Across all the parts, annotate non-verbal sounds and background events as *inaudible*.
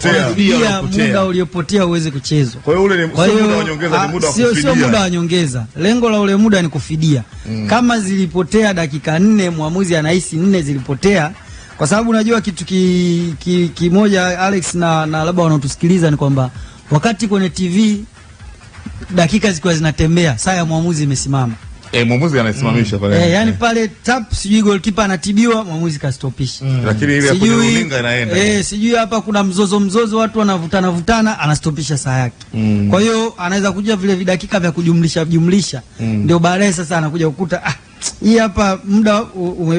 kurudia muda uliopotea uweze kuchezwa. Kwa hiyo ule ni muda wa nyongeza, ni muda wa kufidia. Sio muda wa nyongeza. Lengo la ule muda ni kufidia. Mm. Kama zilipotea dakika nne, mwamuzi anahisi nne zilipotea kwa sababu unajua kitu kimoja ki, ki, Alex na, na labda wanaotusikiliza ni kwamba wakati kwenye TV dakika zikiwa zinatembea, saa ya mwamuzi imesimama. Eh, mwamuzi anaisimamisha mm. pale. Eh, yani pale tap sijui goalkeeper anatibiwa, mwamuzi kastopisha. Mm. Lakini ile hapo runinga inaenda. Eh, sijui hapa kuna mzozo mzozo watu wanavutana vutana anastopisha saa yake. Mm. Kwa hiyo anaweza kuja vile vidakika vya kujumlisha jumlisha. Mm. Ndio baadaye sasa anakuja kukuta ah, hii hapa muda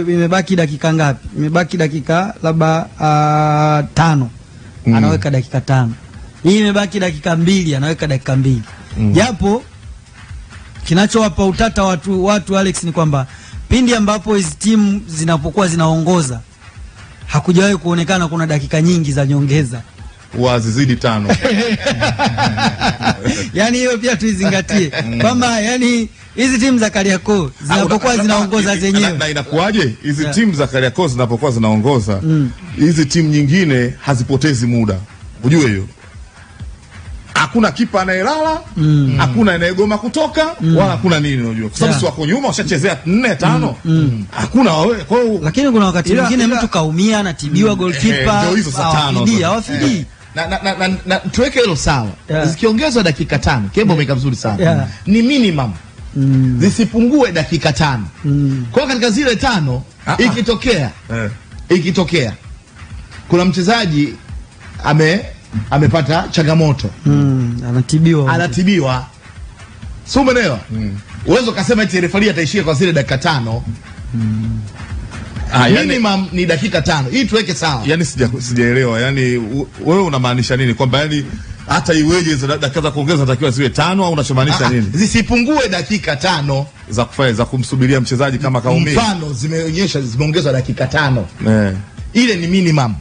imebaki dakika ngapi? Imebaki dakika labda uh, tano. Mm. Anaweka dakika tano. Hii imebaki dakika mbili, anaweka dakika mbili. Mm. Japo kinachowapa utata watu, watu Alex ni kwamba pindi ambapo hizi timu zinapokuwa zinaongoza hakujawahi kuonekana kuna dakika nyingi za nyongeza wazizidi tano *laughs* yani hiyo pia tuizingatie kwamba yani hizi timu za Kariakoo zinapokuwa ah, zinaongoza zenyewe, na inakuwaje hizi timu za Kariakoo zinapokuwa zinaongoza mm. hizi mm, timu nyingine hazipotezi muda, ujue hiyo hakuna kipa anayelala, mm. Mm. hakuna anayegoma kutoka mm. wala hakuna nini, unajua kwa sababu yeah. si wako nyuma washachezea 4 5 mm. hakuna wewe. Kwa hiyo lakini kuna wakati mwingine mtu kaumia anatibiwa, goalkeeper eh, ndio hizo saa tano hawafidi eh. na, na, na, na, na tuweke hilo sawa yeah. Zikiongezwa dakika tano Kembo yeah. vizuri sana yeah. Ni minimum mm. zisipungue dakika tano mm. Kwa katika zile tano ah -ah. Ikitokea yeah. Ikitokea kuna mchezaji ame amepata changamoto mm, anatibiwa, anatibiwa. Si umeelewa? Mm. Uwezo kasema eti refari ataishia kwa zile dakika tano mm. Ah, yani, minimum ni dakika tano hii tuweke sawa. Yani sijaelewa yani wewe unamaanisha nini kwamba yani hata iweje hizo dakika za kuongeza takiwa ziwe tano au unachomaanisha ah, ah, nini? Zisipungue dakika tano za kufanya za kumsubiria mchezaji kama kaumia. Mfano zimeonyesha zimeongezwa dakika tano. Eh. Ile ni minimum.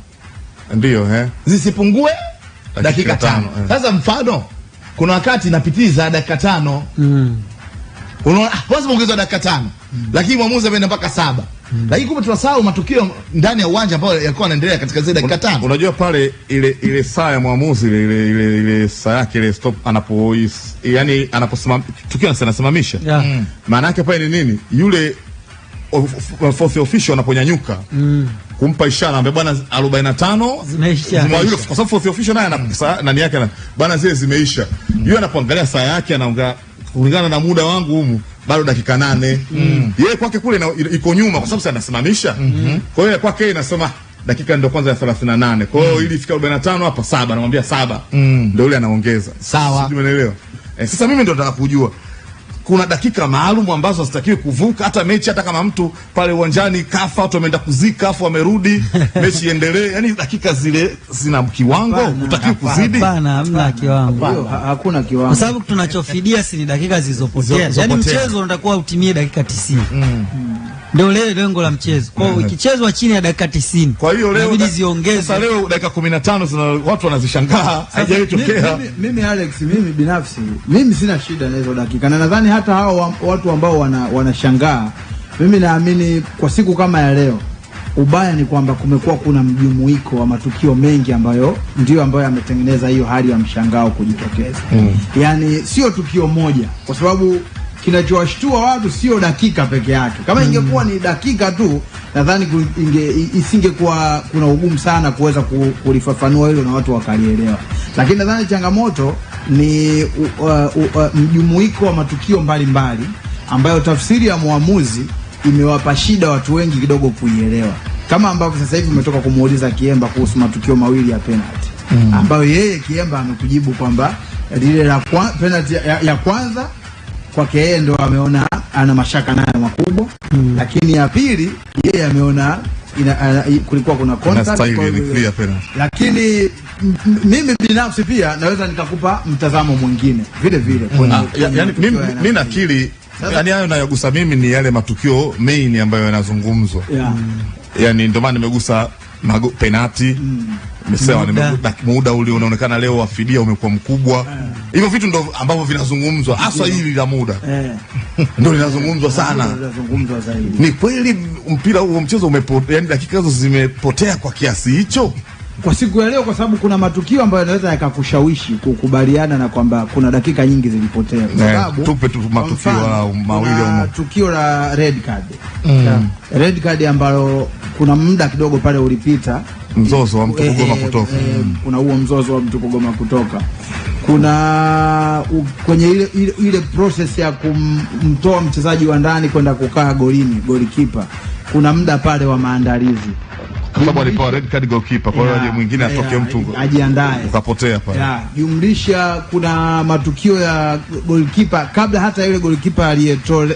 Ndio, eh. Zisipungue dakika tano. Sasa mfano kuna wakati napitiza dakika tano mm. unaona basi muongezwa dakika tano mm. lakini mwamuzi ameenda mpaka saba mm. lakini kumbe tunasahau matukio ndani ya uwanja ambayo yalikuwa yanaendelea katika zile dakika tano. Unajua pale ile ile saa ya mwamuzi ile ile, ile, ile saa yake ile stop anapo yani anaposimama tukio anasimamisha yeah. mm. maana yake pale ni nini yule of, of, of, official anaponyanyuka mm kumpa ishara, ambaye bwana 45 zimeisha, kwa yule, kwa sababu official naye ana mm. nani yake, na bwana zile zimeisha. Mm. yeye anapoangalia saa yake, anaongea kulingana na muda wangu humu bado dakika nane. Mm. Yeye kwake kule iko nyuma, kwa sababu anasimamisha. Mm-hmm. Kwa hiyo kwake inasema dakika ndio kwanza ya 38. Kwa hiyo mm. ili ifika 45 hapa saba, namwambia saba. Mm. Ndio yule anaongeza. Sawa. Sijui umeelewa. Eh, sasa mimi ndio nataka kujua kuna dakika maalum ambazo hazitakiwi kuvuka, hata mechi, hata kama mtu pale uwanjani kafa, watu wameenda kuzika, afu wamerudi, *laughs* mechi iendelee. Yani dakika zile zina kiwango, utakiwi kuzidi. Hapana, hamna kiwango, hakuna kiwango, kwa sababu tunachofidia si ni dakika zilizopotea. Yani mchezo unatakuwa utimie dakika 90. Mm. Mm. Ndio leo lengo la mchezo. Kwa hiyo ikichezwa chini ya dakika 90. Kwa hiyo leo inabidi ziongeze. Sasa leo dakika 15 zina watu wanazishangaa. Haijawahi tokea. Mimi, mimi Alex, mimi binafsi, mimi sina shida na hizo dakika. Na nadhani hata hao watu ambao wana, wanashangaa. Mimi naamini kwa siku kama ya leo ubaya ni kwamba kumekuwa kuna mjumuiko wa matukio mengi ambayo ndio ambayo yametengeneza hiyo hali ya mshangao kujitokeza. Mm. Yaani sio tukio moja kwa sababu kinachowashtua watu sio dakika peke yake. Kama ingekuwa ni dakika tu, nadhani isingekuwa kuna ugumu sana kuweza kulifafanua hilo na watu wakalielewa, lakini nadhani changamoto ni uh, uh, uh, mjumuiko wa matukio mbalimbali mbali, ambayo tafsiri ya mwamuzi imewapa shida watu wengi kidogo kuielewa, kama ambavyo sasa hivi umetoka kumuuliza Kiemba kuhusu matukio mawili ya penalty mm, ambayo yeye Kiemba amekujibu kwamba lile la penalty ya, ya kwanza kwake yeye ndo ameona ana mashaka nayo makubwa mm. Lakini ya pili yeye ameona kulikuwa kuna contact, lakini mimi binafsi pia naweza nikakupa mtazamo mwingine vile vile. Mimi nakili yaani hayo nayogusa mimi ni yale matukio main ambayo yanazungumzwa, yaani ndio maana nimegusa mago, penati mm. Umesema muda ule unaonekana leo wafidia umekuwa mkubwa eh. hivyo yeah. Vitu ndo ambavyo vinazungumzwa hasa yeah. Hili la muda yeah. *laughs* ndo linazungumzwa sana yeah. Ni kweli mpira huo mchezo umepo, yani dakika hizo zimepotea kwa kiasi hicho kwa siku ya leo, kwa sababu kuna matukio ambayo yanaweza yakakushawishi kukubaliana na kwamba kuna dakika nyingi zilipotea, kwa eh, sababu tupe tu matukio mawili au tukio la red card mm. red card ambalo kuna muda kidogo pale ulipita mzozo wa mtu eh, kugoma eh, kutoka e, e, kuna huo mzozo wa mtu kugoma kutoka kuna u, kwenye ile, ile, ile process ya kumtoa mchezaji wa ndani kwenda kukaa golini golikipa, kuna muda pale wa maandalizi kwa sababu alipewa red card goalkeeper, kwa hiyo mwingine atoke mtu ajiandae, ukapotea pale. Jumlisha kuna matukio ya goalkeeper kabla hata yule goalkeeper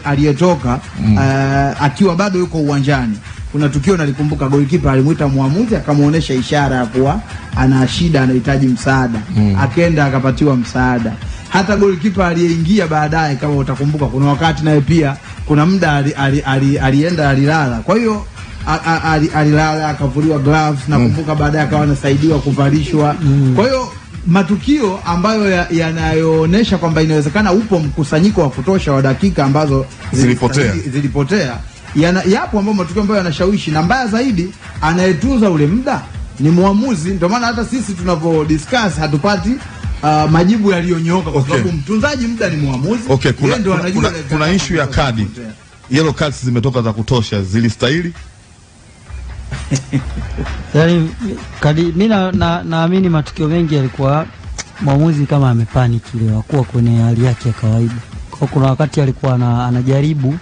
aliyetoka mm. uh, akiwa bado yuko uwanjani kuna tukio nalikumbuka, golikipa alimuita mwamuzi akamwonyesha ishara ya kuwa ana shida, anahitaji msaada mm. Akenda akapatiwa msaada. Hata golikipa aliyeingia baadaye, kama utakumbuka, kuna wakati naye pia kuna muda ali, ali, ali, alienda alilala, kwa hiyo alilala akavuliwa gloves nakumbuka, mm. baadaye akawa anasaidiwa kuvalishwa mm. kwa hiyo matukio ambayo yanayoonyesha ya kwamba inawezekana upo mkusanyiko wa kutosha wa dakika ambazo zilipotea zilipotea yana, yapo ambayo matukio ambayo yanashawishi, na mbaya zaidi anayetunza ule muda ni mwamuzi. Ndio maana hata sisi tunavyo discuss hatupati Uh, majibu yaliyonyoka kwa sababu Mtunzaji muda ni muamuzi. Okay, kuna, kuna, kuna, kuna issue ya kadi. Yellow cards zimetoka za kutosha, zilistahili. *laughs* yani kadi mimi naamini na matukio mengi yalikuwa mwamuzi kama amepaniki ile hakuwa kwenye hali yake ya kawaida. Kwa kuna wakati alikuwa anajaribu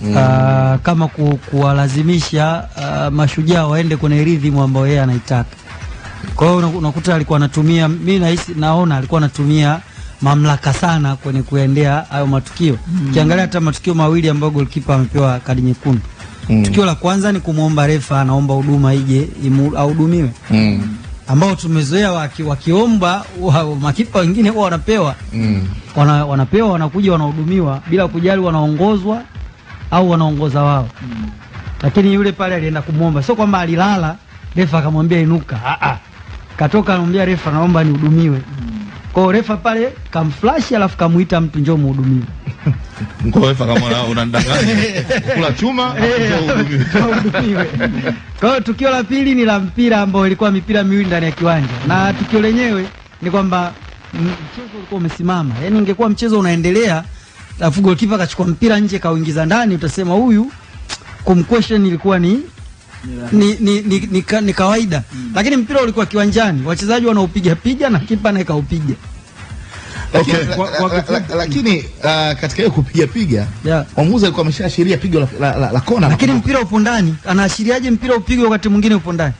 mm. uh, kama ku, kuwalazimisha uh, mashujaa waende kwenye rhythm ambayo yeye anaitaka. Kwa hiyo unakuta alikuwa anatumia, mimi nahisi naona alikuwa anatumia mamlaka sana kwenye kuendea hayo matukio mm. Kiangalia hata matukio mawili ambayo goalkeeper amepewa kadi nyekundu mm. Tukio la kwanza ni kumwomba refa, anaomba huduma ije ahudumiwe mm. ambao tumezoea waki, wakiomba wa, makipa wengine huwa wanapewa mm. wana, wanapewa wanakuja wanahudumiwa bila kujali wanaongozwa au wanaongoza wao mm. Lakini yule pale alienda kumwomba, sio kwamba alilala refa akamwambia inuka, ah ah, katoka anamwambia refa, naomba nihudumiwe mm. Kwao refa pale kamflash, alafu kamuita mtu njoo muhudumiwe *laughs* Kwa refa kama unanidanganya *laughs* kula chuma eh, eh, *laughs* Kwa hiyo tukio la pili ni la mpira ambao ilikuwa mipira miwili ndani ya kiwanja mm. na hmm. tukio lenyewe ni kwamba mchezo ulikuwa umesimama, yaani ingekuwa mchezo unaendelea alafu goalkeeper kachukua mpira nje kauingiza ndani, utasema huyu kumquestion ilikuwa ni ni, ni, ni, ni, ka, ni kawaida mm. Lakini mpira ulikuwa kiwanjani, wachezaji wanaupiga piga na kipa naye kaupiga. Okay. Lakini uh, katika hiyo kupiga piga mwamuzi alikuwa ameshaashiria pigo la, la, la, la kona, lakini mpira upo ndani. Anaashiriaje mpira upigwe wakati mwingine upo ndani?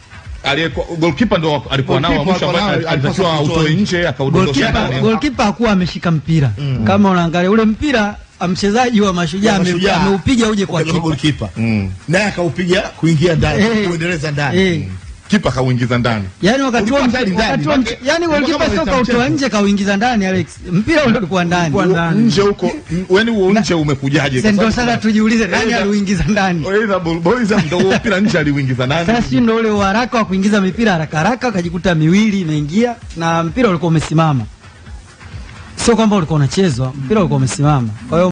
aliyekuwa goalkeeper ndo alikuwa nao mwisho, ambaye alitakiwa autoe nje akaudondosha. Goalkeeper hakuwa ameshika mpira mm. Kama unaangalia ule mpira mchezaji wa Mashujaa ameupiga uje kwa kipa, goalkeeper mm. naye akaupiga kuingia ndani eh. kuendeleza ndani eh. mm kipa kauingiza ndani. yani wakati wa wakati ndani. Yaani golikipa sio kautoa nje kauingiza ndani Alex. Mpira ule ulikuwa ndani. Nje huko. Mm. Yaani huo nje umekujaje? Sasa ndio sasa tujiulize *laughs* nani aliuingiza ndani. Oiza Boiza ndio mpira nje aliuingiza *laughs* ndani. Sasa si ndio ule uharaka wa kuingiza mipira haraka haraka akajikuta miwili imeingia na mpira ulikuwa umesimama. Sio kwamba ulikuwa unachezwa, mpira ulikuwa umesimama. Kwa hiyo